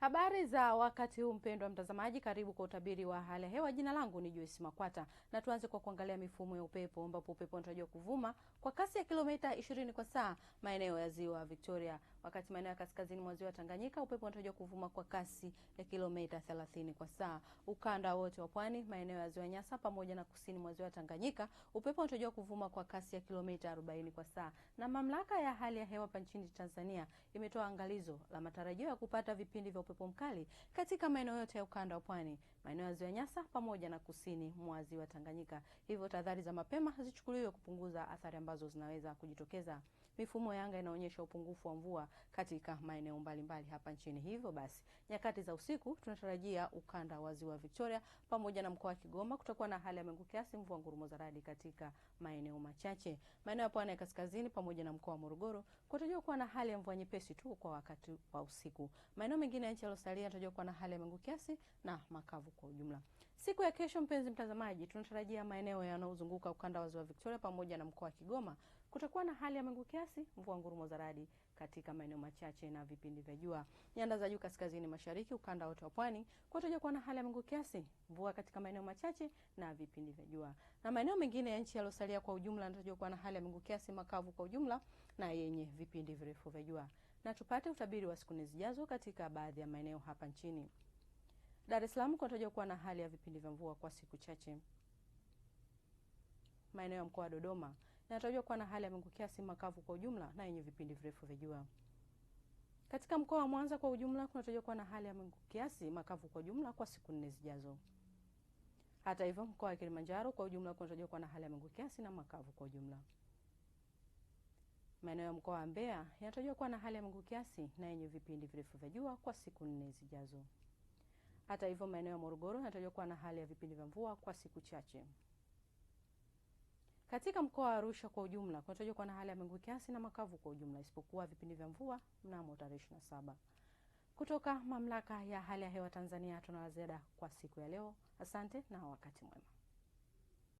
Habari za wakati huu mpendwa mtazamaji, karibu kwa utabiri wa hali ya hewa. Jina langu ni Joyce Makwata na tuanze kwa kuangalia mifumo ya upepo, ambapo upepo unatarajiwa kuvuma kwa kasi ya kilomita 20 kwa saa maeneo ya ziwa Victoria, wakati maeneo ya kaskazini mwa ziwa Tanganyika upepo unatarajiwa kuvuma kwa kasi ya kilomita 30 kwa saa. Ukanda wote wa pwani, maeneo ya ziwa Nyasa pamoja na kusini mwa ziwa Tanganyika upepo unatarajiwa kuvuma kwa kasi ya kilomita 40 kwa saa. Na mamlaka ya hali ya hewa hapa nchini Tanzania imetoa angalizo la matarajio ya kupata vipindi vya upepo mkali katika maeneo yote ya ukanda wa pwani, maeneo ya ziwa Nyasa pamoja na kusini mwa ziwa Tanganyika. Hivyo tahadhari za mapema zichukuliwe kupunguza athari ambazo zinaweza kujitokeza. Mifumo ya anga inaonyesha upungufu wa mvua katika maeneo mbalimbali hapa nchini. Hivyo basi, nyakati za usiku tunatarajia ukanda wa ziwa Victoria pamoja na mkoa wa Kigoma kutakuwa na hali ya mawingu kiasi, mvua ngurumo za radi katika maeneo machache. Maeneo ya pwani ya kaskazini pamoja na mkoa wa Morogoro kutarajiwa kuwa na hali ya mvua nyepesi tu kwa wakati wa usiku. Maeneo mengine ya machi yaliyosalia yanatarajiwa kuwa na hali ya mawingu kiasi na makavu kwa ujumla. Siku ya kesho, mpenzi mtazamaji, tunatarajia maeneo yanayozunguka ukanda wa ziwa Victoria pamoja na mkoa wa Kigoma kutakuwa na hali ya mawingu kiasi, mvua ngurumo za radi katika maeneo machache na vipindi vya jua. Nyanda za juu kaskazini mashariki, ukanda wote wa pwani kutakuwa kuwa na hali ya mawingu kiasi, mvua katika maeneo machache na vipindi vya jua. Na maeneo mengine ya nchi yaliyosalia kwa ujumla yanatarajiwa kuwa na hali ya mawingu kiasi, makavu kwa ujumla na yenye vipindi virefu vya jua na tupate utabiri wa siku zijazo katika baadhi ya maeneo hapa nchini. Dar es Salaam kunatarajiwa kuwa na hali ya vipindi vya mvua kwa siku chache. Maeneo ya mkoa wa Dodoma yanatarajiwa kuwa na hali ya mawingu kiasi makavu kwa ujumla na yenye vipindi virefu vya jua. Katika mkoa wa Mwanza kwa ujumla kunatarajiwa kuwa na hali ya mawingu kiasi makavu kwa ujumla kwa siku nne zijazo. Hata hivyo, mkoa wa Kilimanjaro kwa ujumla kunatarajiwa kuwa na hali ya mawingu kiasi na makavu kwa ujumla. Maeneo ya mkoa wa Mbeya yanatarajiwa kuwa na hali ya mawingu kiasi na yenye vipindi virefu vya jua kwa siku nne zijazo. Hata hivyo, maeneo ya Morogoro yanatarajiwa kuwa na hali ya vipindi vya mvua kwa siku chache. Katika mkoa wa Arusha kwa ujumla kunatarajiwa kuwa na hali ya mawingu kiasi na makavu kwa ujumla isipokuwa vipindi vya mvua mnamo tarehe saba. Kutoka Mamlaka ya Hali ya Hewa Tanzania tuna la ziada kwa siku ya leo. Asante na wakati mwema.